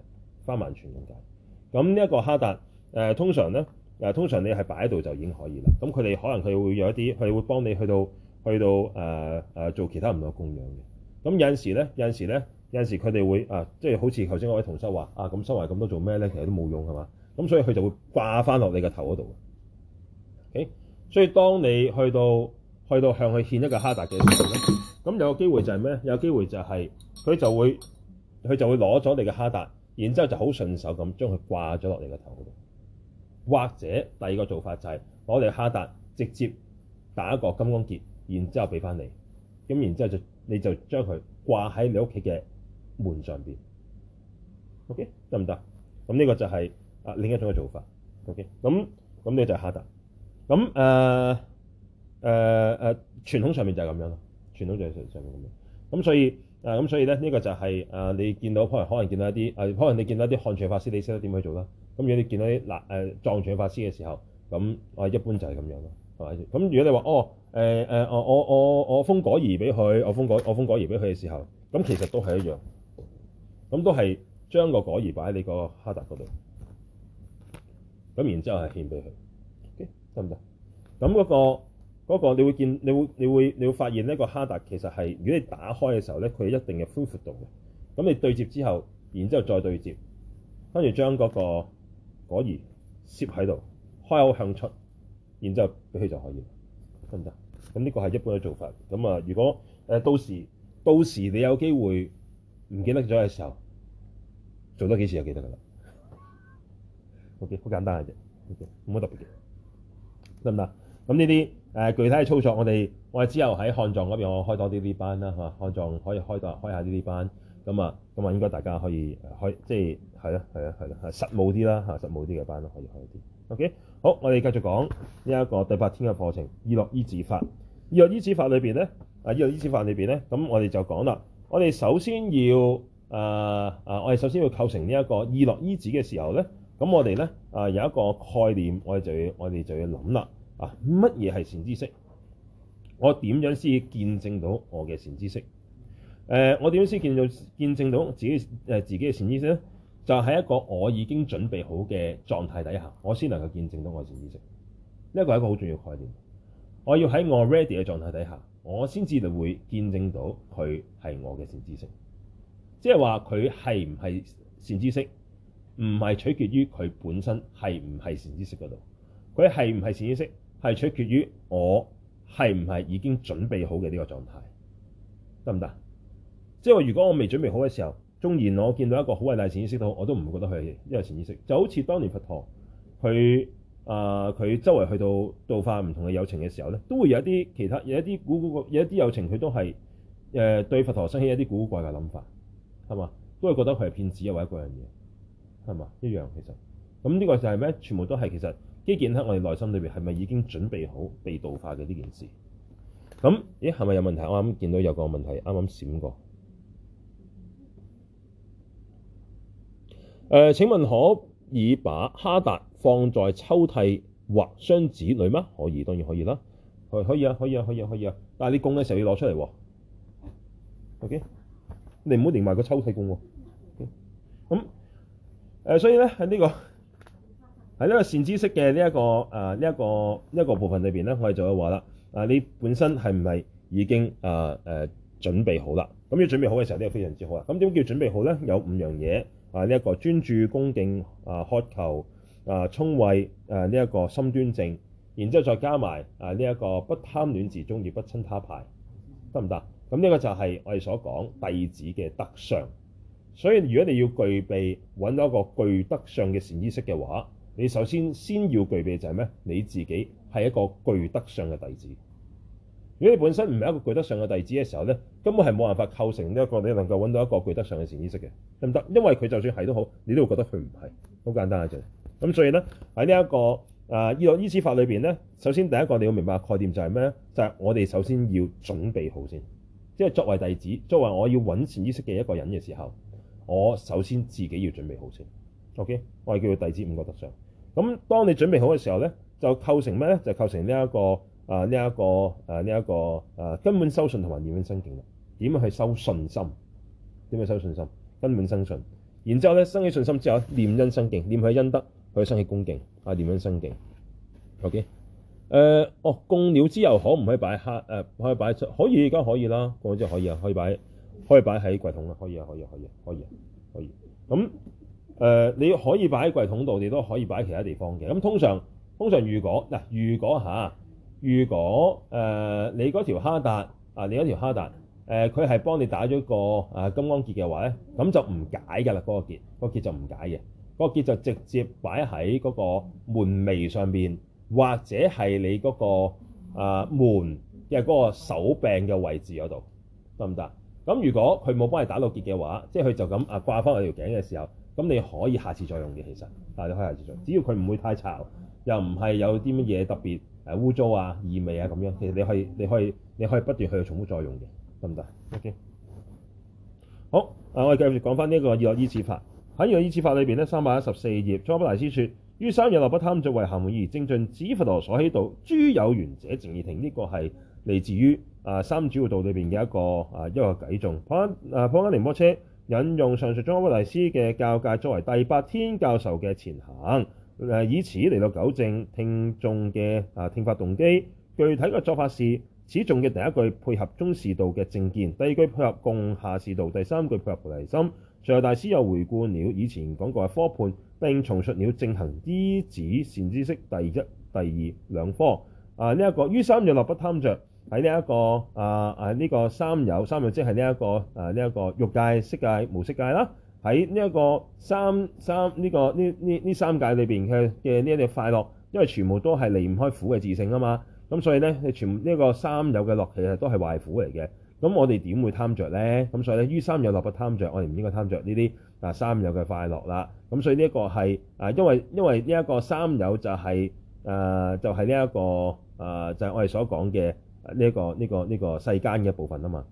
[SPEAKER 1] 花萬串咁解。咁呢一個哈達誒、呃，通常咧誒、呃，通常你係擺喺度就已經可以啦。咁佢哋可能佢會有一啲，佢會幫你去到去到誒誒、啊啊、做其他唔同供養嘅。咁有陣時咧，有陣時咧。有陣時佢哋會啊，即係好似頭先嗰位同修話啊，咁收埋咁多做咩咧？其實都冇用係嘛，咁所以佢就會掛翻落你個頭嗰度。誒，okay？所以當你去到去到向佢獻一個哈達嘅時候咧，咁有個機會就係咩？有機會就係佢就會佢就會攞咗你嘅哈達，然之後就好順手咁將佢掛咗落你個頭嗰度。或者第二個做法就係攞你哈達直接打一個金剛結，然之後俾翻你，咁然之後就你就將佢掛喺你屋企嘅門上邊，OK，得唔得？咁呢個就係啊另一種嘅做法，OK，咁咁呢就係哈達。咁誒誒誒傳統上面就係咁樣咯，傳統就係上上面咁樣。咁所以啊，咁、呃、所以咧呢個就係、是、啊、呃，你見到可能可能見到一啲誒、呃，可能你見到一啲漢傳法師，你識得點去做啦。咁如、呃呃啊、如果你見到啲嗱誒藏傳法師嘅時候，咁、哦呃呃、我一般就係咁樣咯，係咪？咁如果你話哦誒誒哦我我我封果儀俾佢，我封果我封果儀俾佢嘅時候，咁其實都係一樣。咁都係將個果兒擺喺你個哈達嗰度，咁然之後係獻俾佢，得唔得？咁嗰個嗰個你會見，你會你會你會發現呢個哈達其實係，如果你打開嘅時候咧，佢有一定嘅寬闊度嘅。咁你對接之後，然之後再對接，跟住將嗰個果兒攝喺度，開口向出，然之後俾佢就可以，得唔得？咁呢個係一般嘅做法。咁啊，如果誒、呃、到時到時你有機會。唔記得咗嘅時候，做多幾次就記得噶啦。OK，好簡單嘅啫，okay，冇乜特別嘅，得唔得？咁呢啲誒具體嘅操作我，我哋我哋之後喺漢藏嗰邊我些些，我開多啲呢啲班啦，嚇！漢藏可以開多開下呢啲班，咁啊，咁啊，應該大家可以開，即係係咯，係咯，係咯，係實務啲啦，嚇，實務啲嘅班都可以開啲。OK，好，我哋繼續講呢一個第八天嘅課程——依止知識法。依止知識法裏邊咧，啊，依止知識法裏邊咧，咁我哋就講啦。我哋首先要誒誒、呃，我哋首先要構成呢一個意樂依止嘅時候咧，咁我哋咧誒有一個概念，我哋就要我哋就要諗啦啊，乜嘢係善知識？我點樣先見證到我嘅善知識？誒、呃，我點樣先見到見證到自己誒、呃、自己嘅善知識咧？就喺、是、一個我已經準備好嘅狀態底下，我先能夠見證到我嘅善知識。呢、這個、一個係一個好重要概念，我要喺我 ready 嘅狀態底下。我先至就會見證到佢係我嘅善知識，即係話佢係唔係善知識，唔係取決於佢本身係唔係善知識嗰度，佢係唔係善知識係取決於我係唔係已經準備好嘅呢個狀態，得唔得？即係話如果我未準備好嘅時候，縱然我見到一個好偉大嘅善知識都好，我都唔會覺得佢係因為善知識，就好似當年佛陀佢。啊！佢、呃、周圍去到度化唔同嘅友情嘅時候咧，都會有一啲其他，有一啲古古怪，有一啲友情，佢都係誒、呃、對佛陀生起一啲古古怪嘅諗法，係嘛？都係覺得佢係騙子啊，或者嗰樣嘢，係嘛？一樣其實，咁、嗯、呢、呢個就係咩？全部都係其實基建喺我哋內心裏邊係咪已經準備好被度化嘅呢件事？咁咦係咪有問題？我啱啱見到有個問題，啱啱閃過。誒、呃？請問可以把哈達？放在抽屜或箱子裏嗎？可以，當然可以啦。係可以啊，可以啊，可以啊，可以啊。但係啲供嘅時候要攞出嚟喎。OK，你唔好連埋個抽屜供喎。咁、okay? 誒、嗯呃，所以咧喺呢個喺呢個善知識嘅呢一個誒呢一個一、這個部分裏邊咧，我哋就會話啦。啊、呃，你本身係唔係已經誒誒、呃呃、準備好啦？咁要準備好嘅時候呢咧，這個、非常之好啊。咁點叫準備好咧？有五樣嘢啊。呢、呃、一、這個專注、恭敬、啊、呃、渴求。啊，聰慧啊，呢、這、一個心端正，然之後再加埋啊，呢、這、一個不貪戀自中而不親他派，得唔得？咁、嗯、呢、這個就係我哋所講弟子嘅德相。所以如果你要具備揾到一個具德相嘅善知識嘅話，你首先先要具備就係咩？你自己係一個具德相嘅弟子。如果你本身唔係一個具德相嘅弟子嘅時候咧，根本係冇辦法構成呢、這、一個你能夠揾到一個具德相嘅善知識嘅，得唔得？因為佢就算係都好，你都會覺得佢唔係好簡單嘅啫。咁所以咧喺呢一、這個誒、呃、依個依師法裏邊咧，首先第一個你要明白嘅概念就係咩咧？就係、是、我哋首先要準備好先，即係作為弟子，作為我要揾善知識嘅一個人嘅時候，我首先自己要準備好先。O.K. 我哋叫做弟子五個德相。咁當你準備好嘅時候咧，就構成咩咧？就構成呢、這、一個誒呢一個誒呢一個誒根本修信同埋念恩生敬啦。點樣去修信心？點樣去修信，信心？根本生信。然之後咧，生起信心之後，念恩生敬，念佢恩德。佢生起恭敬啊？點樣升敬？OK 誒哦，供了之後可唔可以擺客？誒可以擺出，可以而家可以啦。供咗之後可以啊，可以擺，可以擺喺櫃桶啦。可以啊，可以啊，可以可以。咁誒、嗯呃，你可以擺喺櫃筒度，你都可以擺喺其他地方嘅。咁、嗯、通常，通常如果嗱、啊，如果吓，如果誒你嗰條哈達啊，你嗰條哈達佢係、啊啊、幫你打咗個誒金剛結嘅話咧，咁就唔解㗎啦。嗰、那個結，嗰、那個、結就唔解嘅。個結就直接擺喺嗰個門楣上邊，或者係你嗰、嗰個啊、呃、門嘅嗰個手柄嘅位置嗰度，得唔得？咁如果佢冇幫你打到結嘅話，即係佢就咁啊掛翻喺條頸嘅時候，咁你可以下次再用嘅，其實啊你可以下次再，用下次再用，只要佢唔會太潮，又唔係有啲乜嘢特別誒污糟啊、異味啊咁樣，其實你可以你可以你可以，你可以不斷去重複再用嘅，得唔得？OK，好啊，我哋繼續講翻呢個依止法。喺《呢二義次法》裏邊咧，三百一十四頁，佐巴布大師說：於三日落不貪著為行門而正進，指佛陀所起度，諸有緣者靜而聽。呢個係嚟自於啊三主要道裏邊嘅一個啊一個偈眾。普庵啊，普庵靈摩車引用上述佐巴布大師嘅教戒作為第八天教授嘅前行，誒以此嚟到糾正聽眾嘅啊聽法動機。具體嘅做法是：此眾嘅第一句配合中士度嘅正件，第二句配合共下士度，第三句配合菩提心。上大師又回顧了以前講過嘅科判，並重述了正行依止善知識第一、第二兩科。啊，呢、這、一個於三有樂不貪着。喺呢一個啊啊呢、這個三有三有、這個，即係呢一個啊呢一個欲界、色界、無色界啦。喺呢一個三三呢、這個呢呢呢三界裏邊嘅嘅呢一啲快樂，因為全部都係離唔開苦嘅自性啊嘛。咁所以咧，你全部呢個三有嘅樂其實都係壞苦嚟嘅。咁我哋點會貪着咧？咁所以咧，於三有樂不貪着，我哋唔應該貪着呢啲啊。三有嘅快樂啦，咁所以呢一個係啊，因為因為呢一個三有就係、是、啊、呃，就係呢一個啊、呃，就係、是、我哋所講嘅呢一個呢、這個呢、這個這個世間嘅一部分啊嘛，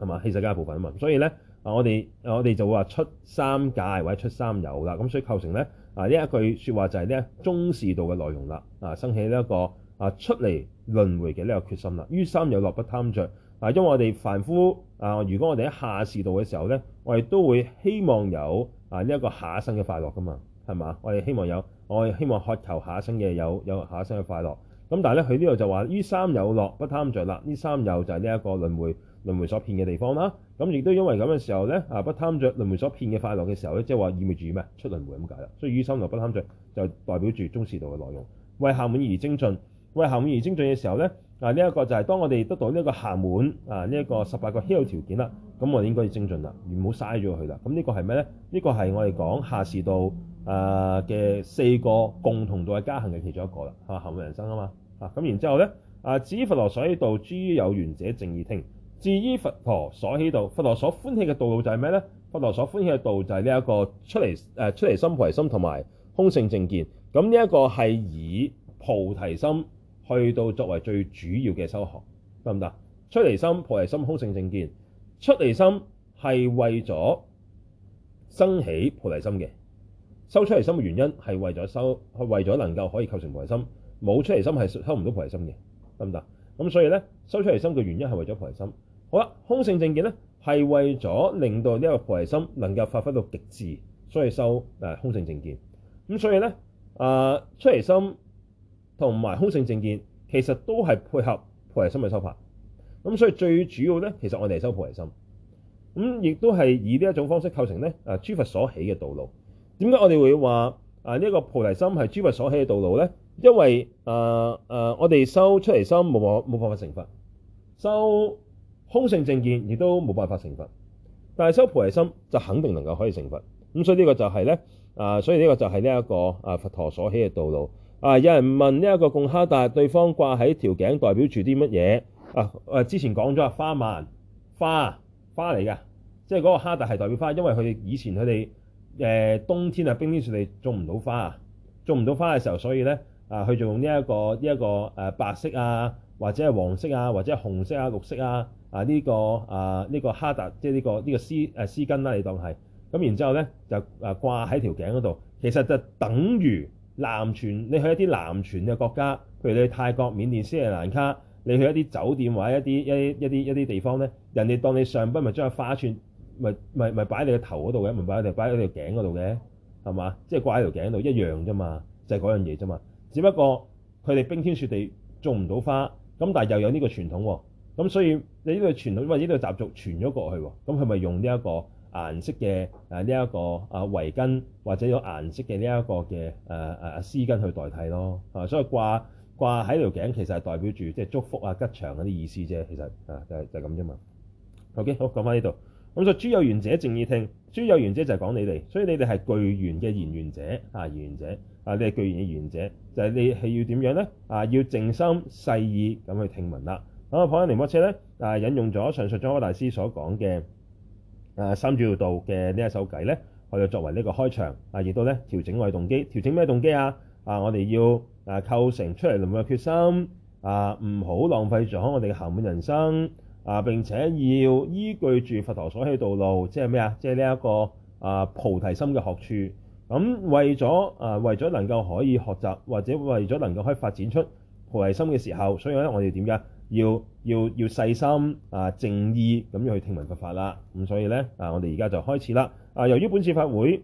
[SPEAKER 1] 係嘛？世間一部分啊嘛，所以咧啊，我哋我哋就會話出三界或者出三有啦。咁所以構成咧啊，呢一句說話就係呢一中士道嘅內容啦。啊，生起呢、這、一個啊出嚟輪迴嘅呢個決心啦。於三有樂不貪着。啊，因為我哋凡夫啊、呃，如果我哋喺下士道嘅時候咧，我哋都會希望有啊呢一、這個下生嘅快樂噶嘛，係嘛？我哋希望有，我哋希望渴求下生嘅有有下生嘅快樂。咁但係咧，佢呢度就話於三有樂不貪着」啦，呢三有就係呢一個輪迴輪迴所騙嘅地方啦。咁亦都因為咁嘅時候咧，啊不貪着輪迴所騙嘅快樂嘅時候咧，即係話意味住咩？出輪迴咁解啦。所以於三有不貪着」就代表住中士道嘅內容，為暇滿而精進。為暇滿而精進嘅時候咧，啊呢一、這個就係當我哋得到呢一個暇滿啊呢一、這個十八個稀有條件啦，咁我哋應該要精進啦，唔好嘥咗佢啦。咁呢、這個係咩咧？呢個係我哋講下士道啊嘅四個共同道嘅加行嘅其中一個啦，嚇、啊，暇滿人生啊嘛。啊咁然之後咧，啊至於佛陀所喜道，諸有緣者淨意聽。至於佛陀所喜道，佛陀所歡喜嘅道路就係咩咧？佛陀所歡喜嘅道就係呢一個出離誒、呃、出離心、菩提心同埋空性正見。咁呢一個係以菩提心。去到作為最主要嘅修學得唔得？出離心、菩提心、空性正見，出離心係為咗生起菩提心嘅，修出離心嘅原因係為咗修，係為咗能夠可以構成菩提心，冇出離心係修唔到菩提心嘅，得唔得？咁所以咧，修出離心嘅原因係為咗菩提心。好啦，空性正見咧係為咗令到呢一個菩提心能夠發揮到極致，所以修誒、呃、空性正見。咁所以咧，誒、呃、出離心。同埋空性正見其實都係配合菩提心嘅修法。咁所以最主要咧，其實我哋係修菩提心。咁亦都係以呢一種方式構成咧，誒，諸佛所喜嘅道路。點解我哋會話誒呢一個菩提心係諸佛所喜嘅道路咧？因為誒誒、啊啊，我哋修出離心冇冇辦法成佛，修空性正見亦都冇辦法成佛，但係修菩提心就肯定能夠可以成佛。咁所以呢個就係咧，誒、啊，所以呢個就係呢一個誒佛陀所喜嘅道路。啊！有人問呢一個貢哈達，對方掛喺條頸代表住啲乜嘢？啊！誒之前講咗啊，花曼花花嚟㗎，即係嗰個哈達係代表花，因為佢以前佢哋誒冬天啊，冰天雪地種唔到花啊，種唔到花嘅時候，所以咧啊，佢就用呢、這、一個呢一、這個誒白色啊，或者係黃色啊，或者係紅色啊、綠色啊啊呢、這個啊呢、這個哈達，即係呢、這個呢、這個絲誒、呃、絲巾啦、啊，你當係咁，然之後咧就誒掛喺條頸嗰度，其實就等於。南傳，你去一啲南傳嘅國家，譬如你去泰國、緬甸、斯里蘭卡，你去一啲酒店或者一啲一啲一啲一啲地方咧，人哋當你上賓，咪將個花串咪咪咪擺喺你個頭嗰度嘅，唔係擺喺條擺喺條頸嗰度嘅，係嘛？即係掛喺條頸度一樣啫嘛，就係、是、嗰樣嘢啫嘛。只不過佢哋冰天雪地種唔到花，咁但係又有呢個傳統喎、哦。咁所以你呢個傳統，因為呢個習俗傳咗過去喎，咁係咪用呢、這、一個？顏色嘅誒呢一個啊圍巾，或者有顏色嘅呢一個嘅誒誒絲巾去代替咯啊，所以掛掛喺條頸，其實係代表住即係祝福啊、吉祥嗰啲意思啫，其實啊就係、就咁啫嘛。OK，好，講翻呢度。咁就諸有緣者淨意聽，諸有緣者就係講你哋，所以你哋係具緣嘅緣緣者啊，緣者啊，你係具緣嘅緣者，就係、係、你係要點樣咧啊？要靜心細意咁去聽聞啦。啊，帕繃喀仁波切咧，但、啊啊、引用咗上述宗大師所講嘅。誒、啊、三主要道嘅呢一首偈咧，可以作為呢個開場，啊亦都咧調整我哋動機，調整咩動機啊？啊，我哋要誒構成出嚟能嘅決心，啊唔好浪費咗我哋嘅暇滿人生，啊並且要依據住佛陀所喜道路，即係咩、這個、啊？即係呢一個啊菩提心嘅學處。咁、啊、為咗誒、啊、為咗能夠可以學習，或者為咗能夠可以發展出菩提心嘅時候，所以咧我哋點解？要要要細心啊，淨意咁樣去聽聞佛法啦。咁所以呢，啊，我哋而家就開始啦。啊，由於本次法會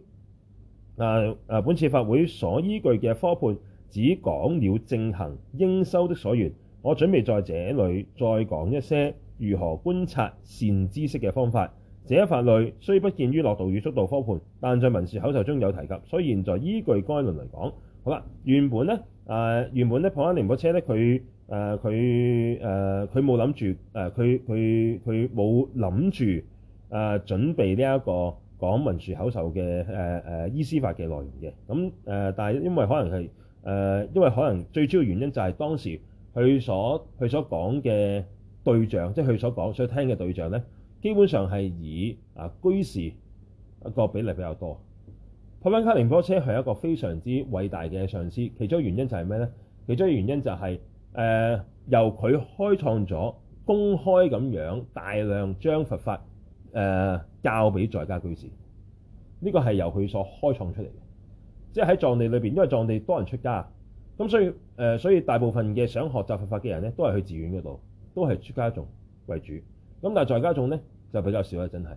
[SPEAKER 1] 啊啊，本次法會所依據嘅科判只講了正行應修的所緣，我準備在這裡再講一些如何觀察善知識嘅方法。這一法類雖不見於樂道與速道科判，但在文殊口授中有提及，所以現在依據該論嚟講。好啦，原本呢，誒、啊，原本呢，啊、帕繃喀仁波切呢，佢。誒佢誒佢冇諗住誒佢佢佢冇諗住誒準備呢一個講文殊口授嘅誒誒依師法嘅內容嘅，咁誒，但係因為可能係誒、呃，因為可能最主要原因就係當時佢所佢所講嘅對象，即係佢所講所聽嘅對象咧，基本上係以啊居士一個比例比較多。帕繃喀寧波車係一個非常之偉大嘅上師，其中原因就係咩咧？其中原因就係、是。誒、呃、由佢開創咗公開咁樣大量將佛法誒教俾在家居士，呢個係由佢所開創出嚟嘅。即係喺藏地裏邊，因為藏地多人出家，咁所以誒、呃，所以大部分嘅想學習佛法嘅人咧，都係去寺院嗰度，都係出家眾為主。咁但係在家眾咧就比較少啦，真係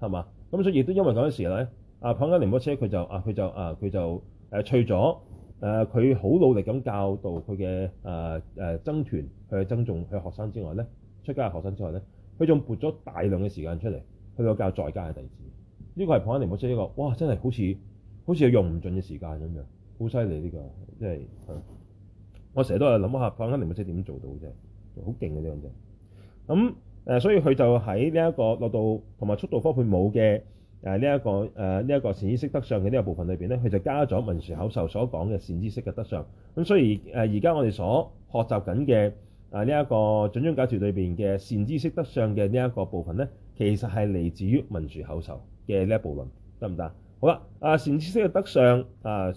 [SPEAKER 1] 係嘛。咁所以亦都因為嗰陣時咧，阿、啊、帕繃喀仁波切佢就啊佢就啊佢就誒退咗。啊誒佢好努力咁教導佢嘅誒誒僧團、佢嘅僧眾、佢嘅學生之外咧，出家嘅學生之外咧，佢仲撥咗大量嘅時間出嚟去教在家嘅弟子。呢、這個係帕繃喀大師呢個，哇！真係好似好似用唔盡嘅時間咁樣，好犀利呢個，即係、啊、我成日都係諗下帕繃喀大師點做到嘅啫，好勁嘅呢樣嘢。咁、啊、誒，所以佢就喺呢一個樂道同埋速道科判冇嘅。誒呢一個誒呢一個善知識德相嘅呢個部分裏邊咧，佢就加咗文殊口授所講嘅善、啊這個、善，善知識嘅德相咁，所以誒而家我哋所學習緊嘅誒呢一個掌中解脫裏邊嘅善知識德相嘅呢一個部分咧，其實係嚟自於文殊口授嘅呢一部分，得唔得啊？好啦，啊善知識嘅德相啊，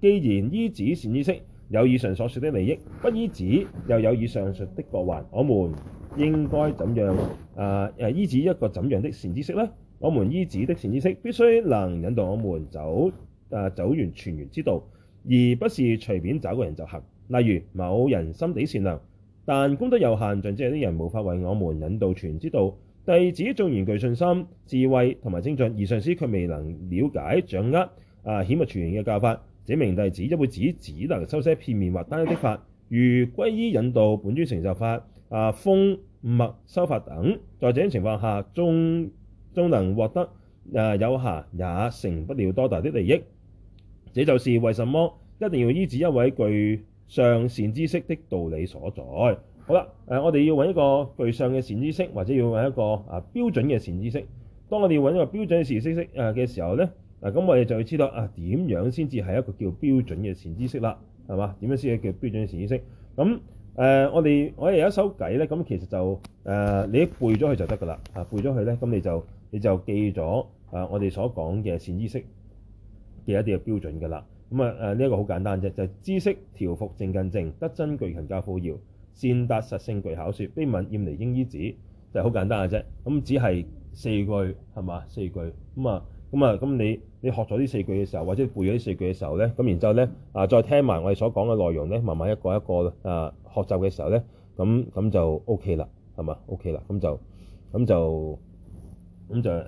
[SPEAKER 1] 既然依止善知識有以上所說的利益，不依止又有以上述的過患，我們應該怎樣啊？誒依止一個怎樣的善知識咧？我們依止的善知識必須能引導我們走啊走完全圓之道，而不是隨便找個人就行。例如，某人心地善良，但功德有限，甚至有啲人無法為我們引導全圓之道。弟子縱然具信心、智慧同埋精進，而上師卻未能了解掌握啊顯密全圓嘅教法，這名弟子一輩子只能修些片面或單一的法，如皈依引導、本尊成就法啊、風脈修法等。在這種情況下，中都能獲得誒、呃、有暇，也成不了多大的利益。這就是為什麼一定要依止一位具相善知識的道理所在。好啦，誒、呃、我哋要揾一個具相嘅善知識，或者要揾一個啊標準嘅善知識。當我哋揾一個標準嘅善知識誒嘅時候呢，嗱、啊、咁我哋就要知道啊點樣先至係一個叫標準嘅善知識啦，係嘛？點樣先係叫標準嘅善知識？咁誒、呃、我哋我哋有一首偈呢，咁其實就誒你背咗佢就得㗎啦，啊背咗佢、啊、呢，咁你就。你就記咗啊！我哋所講嘅善知識、啊啊這個就是、知識嘅一啲嘅標準㗎啦。咁啊誒，呢一個好簡單啫，就係知識調伏靜近靜，德增具勤教富饒，善達實性具巧說，悲愍厭離應依止，就係、是、好簡單嘅啫。咁、啊、只係四句，係嘛？四句咁啊咁啊咁，你你學咗呢四句嘅時候，或者背咗呢四句嘅時候咧，咁然之後咧啊，再聽埋我哋所講嘅內容咧，慢慢一個一個啊學習嘅時候咧，咁咁就 OK 啦，係嘛 OK 啦，咁就咁就。咁就誒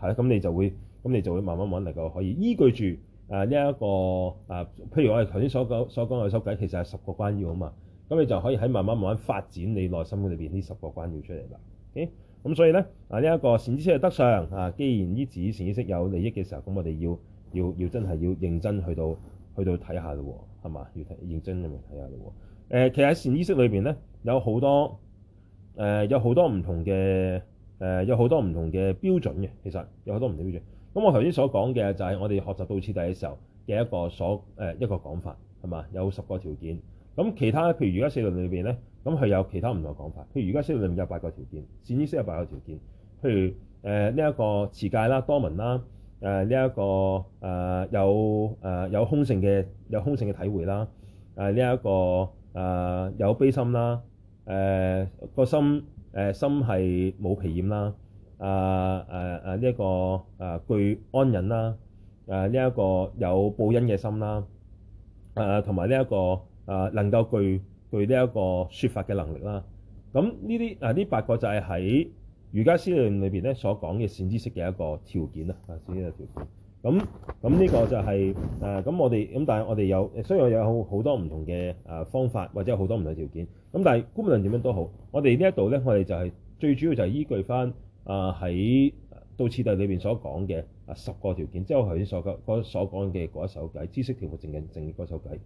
[SPEAKER 1] 係，咁、呃、你就會，咁你就會慢慢揾，能夠可以依據住誒呢一個啊，譬如我哋頭先所講所講嘅收計，其實係十個關要啊嘛。咁你就可以喺慢慢慢慢發展你內心嘅裏邊呢十個關要出嚟啦。o、okay? 咁所以咧啊，呢、這、一個善知識嘅德相。啊，既然呢自善知識有利益嘅時候，咁我哋要要要真係要認真去到去到睇下咯喎、啊，係嘛？要認真咁樣睇下咯喎。誒、呃，其實善知識裏邊咧有好多誒，有好多唔、呃、同嘅。誒、呃、有好多唔同嘅標準嘅，其實有好多唔同標準。咁我頭先所講嘅就係我哋學習道次第嘅時候嘅一個所誒、呃、一個講法，係嘛？有十個條件。咁其他譬如而家四論裏邊咧，咁係有其他唔同嘅講法。譬如而家四論入面有八個條件，善知識有八個條件。譬如誒呢一個持戒啦、多聞啦、誒呢一個誒、呃、有誒、呃、有空性嘅有空性嘅體會啦、誒呢一個誒、呃、有悲心啦、誒、呃、個心。誒心係冇疲厭啦，啊啊啊呢一個啊具安忍啦，啊呢一個有報恩嘅心啦，啊同埋呢一個啊能夠具具呢一個說法嘅能力啦，咁呢啲啊呢、啊、八個就係喺瑜伽師論裏邊咧所講嘅善知識嘅一個條件啦，啊善知嘅條件。咁咁呢個就係誒咁我哋咁，但係我哋有雖然有好多唔同嘅誒、呃、方法，或者好多唔同條件。咁、嗯、但係姑勿論點樣都好，我哋呢一度咧，我哋就係、是、最主要就係依據返誒喺道次第裏邊所講嘅啊十個條件，即係我頭先所講所講嘅嗰一首偈，知識調伏靜近靜嗰一首偈。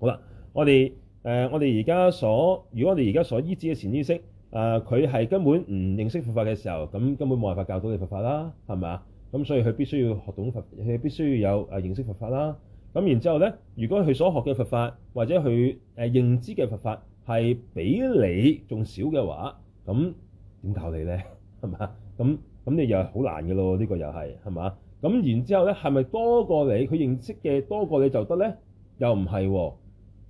[SPEAKER 1] 好啦，我哋誒、呃、我哋而家所如果我哋而家所依止嘅善知識誒，佢、呃、係根本唔認識佛法嘅時候，咁根本冇辦法教到你佛法啦，係咪啊？咁所以佢必須要學懂佛，佢必須要有啊認識佛法啦。咁然之後呢，如果佢所學嘅佛法或者佢誒認知嘅佛法係比你仲少嘅話，咁點教你呢？係嘛？咁咁你又係好難嘅咯，呢、這個又係，係嘛？咁然之後呢，係咪多過你？佢認識嘅多過你就得呢？又唔係喎？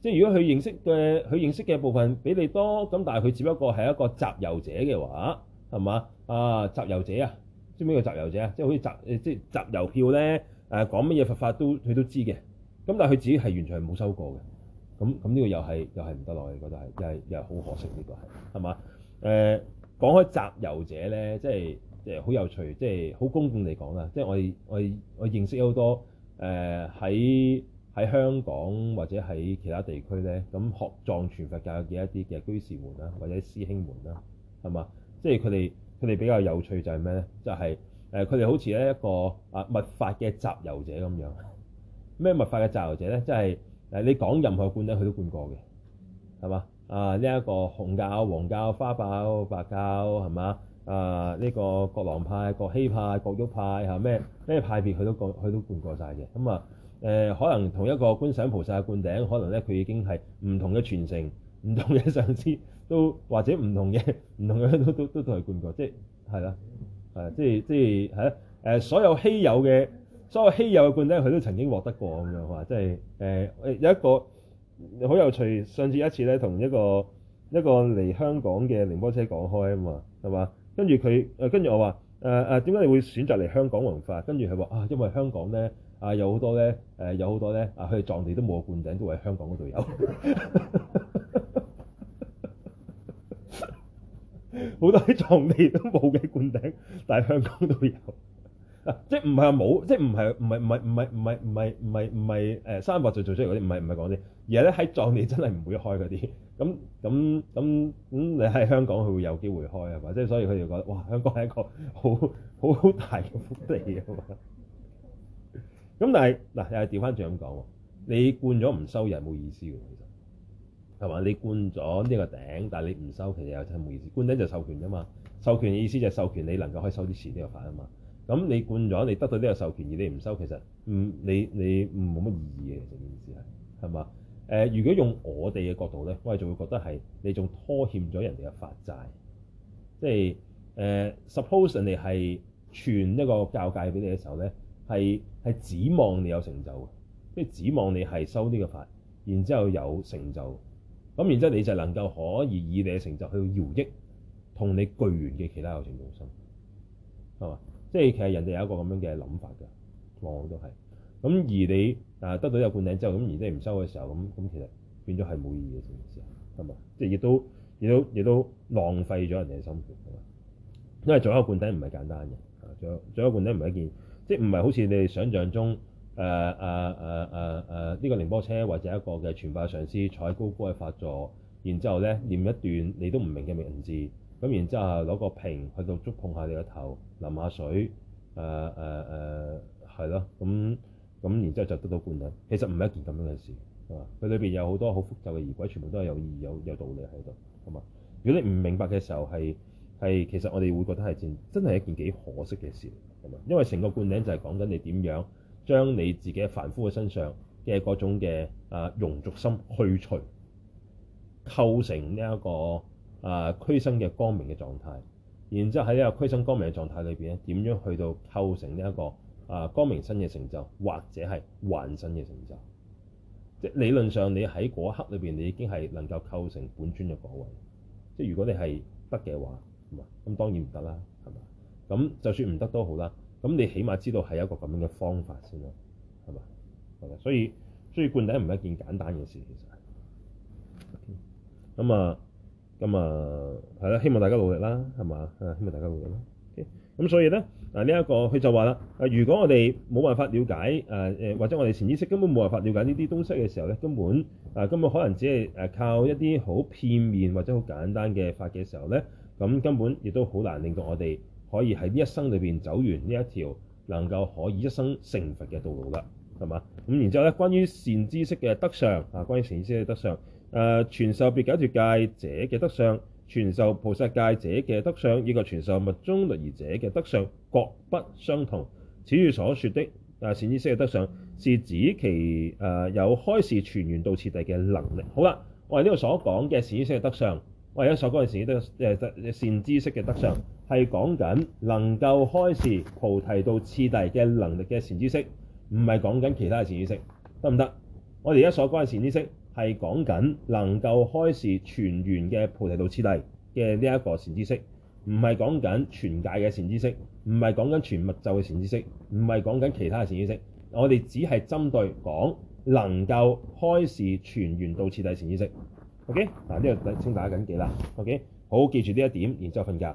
[SPEAKER 1] 即係如果佢認識嘅佢認識嘅部分比你多，咁但係佢只不過係一個集遊者嘅話，係嘛？啊集遊者啊！知唔知個集郵者集集集啊？即係好似集誒，即係集郵票咧。誒講乜嘢佛法都，佢都知嘅。咁但係佢自己係完全係冇收過嘅。咁咁呢個又係又係唔得咯？我覺得係，又係又係好可惜呢個係，係嘛？誒、呃、講開集郵者咧，即係誒好有趣，即係好公共嚟講啦。即係我哋我哋我認識好多誒喺喺香港或者喺其他地區咧，咁學藏傳佛教嘅一啲嘅居士們啦，或者師兄們啦，係嘛？即係佢哋。佢哋比較有趣就係咩咧？就係誒，佢哋好似咧一個啊密法嘅集郵者咁樣。咩密法嘅集郵者咧？即係誒，你講任何灌頂，佢都灌過嘅，係嘛？啊呢一、這個紅教、黃教、花教、白教，係嘛？啊呢、這個國王派、國希派、國禦派，嚇咩咩派別佢都灌佢都灌過晒嘅、嗯。咁啊誒，可能同一個觀想菩薩灌頂，可能咧佢已經係唔同嘅傳承。唔同嘅上師都或者唔同嘅唔同嘅都都都都同佢灌過，即係係啦，誒即係即係係啦，誒、呃、所有稀有嘅所有稀有嘅灌頂，佢都曾經獲得過咁嘅話，即係誒誒有一個好有趣，上次一次咧，同一個一個嚟香港嘅仁波切講開啊嘛，係嘛？跟住佢誒跟住我話誒誒點解你會選擇嚟香港文化？跟住佢話啊，因為香港咧啊有好多咧誒有好多咧啊，佢藏、啊啊、地都冇嘅灌頂，都係香港嗰度有。 好多啲藏地都冇嘅灌頂，但係香港都有，即係唔係話冇，即係唔係唔係唔係唔係唔係唔係唔係唔係唔係做嘅嗰啲，唔係唔係講啲，而係咧喺藏地真係唔會開嗰啲，咁咁咁咁你喺香港佢會有機會開係嘛？即係所以佢哋覺得：「哇，香港係一個好好好大嘅福地啊嘛！」咁但係嗱、啊、又係調翻轉咁講喎，你灌咗唔收人冇意思㗎。係嘛？你灌咗呢個頂，但係你唔修，其實又真係冇意思。灌頂就授權㗎嘛，授權嘅意思就係授權你能夠可以修持呢個法啊嘛。咁你灌咗，你得到呢個授權，而你唔修，其實唔你你冇乜意義嘅。整件事係係嘛？誒、呃，如果用我哋嘅角度咧，我哋就會覺得係你仲拖欠咗人哋嘅法債。即係誒、呃、suppose 人哋係傳一個教戒俾你嘅時候咧，係係指望你有成就，即係指望你係修呢個法，然之後有成就。咁然之後你就能夠可以以你嘅成就去饒益同你具緣嘅其他有情眾生，係嘛？即係其實人哋有一個咁樣嘅諗法㗎，往往都係。咁而你啊得到一灌頂之後，咁而你唔收嘅時候，咁咁其實變咗係冇意義嘅成事，係嘛？即係亦都亦都亦都浪費咗人哋嘅心血，因為做一個灌頂唔係簡單嘅，啊，做做一個灌頂唔係一件即係唔係好似你哋想象中。誒誒誒誒誒，呢、呃呃呃呃這個仁波切或者一個嘅傳法上師，坐喺高高嘅法座，然之後咧唸一段你都唔明嘅名字，咁然之後攞個瓶去到觸碰下你個頭，淋下水，誒誒誒，係、呃、咯，咁、嗯、咁、嗯、然之後就得到灌頂。其實唔係一件咁樣嘅事，啊，佢裏邊有好多好複雜嘅儀軌，全部都係有意有有道理喺度。咁啊，如果你唔明白嘅時候係係，其實我哋會覺得係件真係一件幾可惜嘅事，因為成個灌頂就係講緊你點樣。將你自己凡夫嘅身上嘅嗰種嘅啊庸俗心去除，構成呢、這、一個啊軀身嘅光明嘅狀態。然之後喺呢個軀身光明嘅狀態裏邊咧，點樣去到構成呢、這、一個啊光明身嘅成就，或者係幻身嘅成就？即係理論上，你喺嗰一刻裏邊，你已經係能夠構成本尊嘅果位。即係如果你係得嘅話，咁啊，當然唔得啦，係咪？咁就算唔得都好啦。咁你起碼知道係一個咁樣嘅方法先咯，係咪？係咪？所以追灌頂唔係一件簡單嘅事，其實係。咁、嗯、啊，咁、嗯、啊，係、嗯、啦、嗯嗯嗯，希望大家努力啦，係嘛？啊、嗯，希望大家努力啦。咁、嗯嗯、所以咧，嗱呢一個佢就話啦，啊，如果我哋冇辦法了解誒誒、啊，或者我哋善知識根本冇辦法了解呢啲東西嘅時候咧，根本啊根本可能只係誒靠一啲好片面或者好簡單嘅法嘅時候咧，咁、啊、根本亦都好難令到我哋。可以喺呢一生裏邊走完呢一條能夠可以一生成佛嘅道路啦，係嘛？咁然之後咧，關於善知識嘅德相啊，關於善知識嘅德相，誒傳授別解脫界者嘅德相，傳授菩薩界者嘅德相，以及傳授密宗律儀者嘅德相各不相同。此處所說的啊善知識嘅德相是指其誒、啊、有開示全圓道次第嘅能力。好啦，我哋呢度所講嘅善知識嘅德相，我哋一講嗰陣時嘅誒善知識嘅德相。善知識係講緊能夠開示菩提道次第嘅能力嘅善知識，唔係講緊其他嘅善知識，得唔得？我哋而家所講嘅善知識係講緊能夠開示全圓嘅菩提道次第嘅呢一個善知識，唔係講緊全界嘅善知識，唔係講緊全密咒嘅善知識，唔係講緊其他嘅善知識。我哋只係針對講能夠開示全圓道次第嘅善知識。OK，嗱呢個請大家緊記啦。OK，好，記住呢一點，然之後瞓覺。